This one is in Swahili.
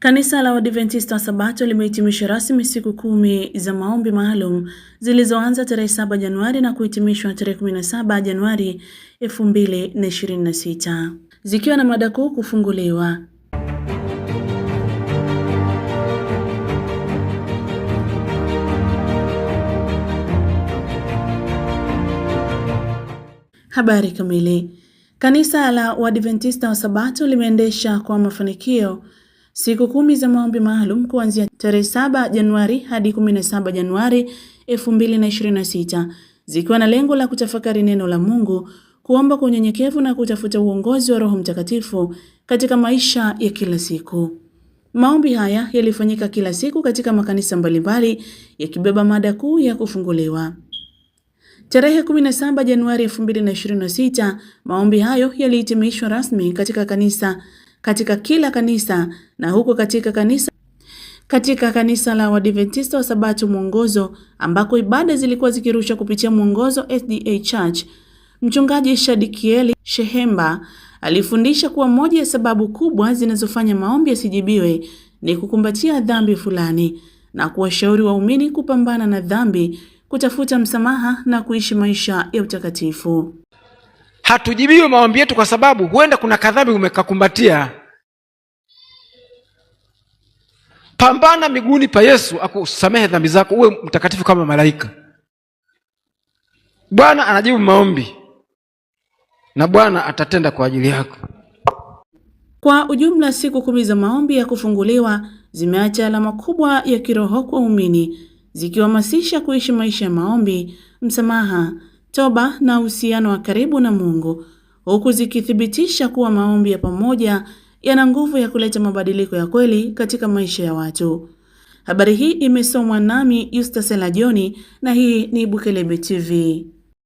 Kanisa la Waadventista wa Sabato limehitimisha rasmi siku kumi za maombi maalum zilizoanza tarehe 7 Januari na kuhitimishwa tarehe 17 Januari 2026 zikiwa na mada kuu kufunguliwa. Habari kamili. Kanisa la Waadventista wa Sabato limeendesha kwa mafanikio siku kumi za maombi maalum kuanzia tarehe 7 Januari hadi 17 Januari 2026 zikiwa na lengo la kutafakari neno la Mungu, kuomba kwa unyenyekevu na kutafuta uongozi wa Roho Mtakatifu katika maisha ya kila siku. Maombi haya yalifanyika kila siku katika makanisa mbalimbali yakibeba mada kuu ya kufunguliwa. Tarehe 17 Januari 2026, maombi hayo yalihitimishwa rasmi katika kanisa katika kila kanisa na huko katika kanisa katika kanisa la Wadventista wa Sabato Mwongozo, ambako ibada zilikuwa zikirushwa kupitia Mwongozo SDA Church. Mchungaji Shadikieli Shehemba alifundisha kuwa moja ya sababu kubwa zinazofanya maombi yasijibiwe ni kukumbatia dhambi fulani na kuwashauri waumini kupambana na dhambi, kutafuta msamaha na kuishi maisha ya utakatifu hatujibiwi maombi yetu, kwa sababu huenda kuna kadhambi umekakumbatia. Pambana miguuni pa Yesu akusamehe dhambi zako, uwe mtakatifu kama malaika. Bwana anajibu maombi na Bwana atatenda kwa ajili yako. Kwa ujumla, siku kumi za maombi ya kufunguliwa zimeacha alama kubwa ya kiroho kwa umini zikiwahamasisha kuishi maisha ya maombi, msamaha toba na uhusiano wa karibu na Mungu, huku zikithibitisha kuwa maombi ya pamoja yana nguvu ya kuleta mabadiliko ya kweli katika maisha ya watu. Habari hii imesomwa nami Yustasela John na hii ni Bukelebe TV.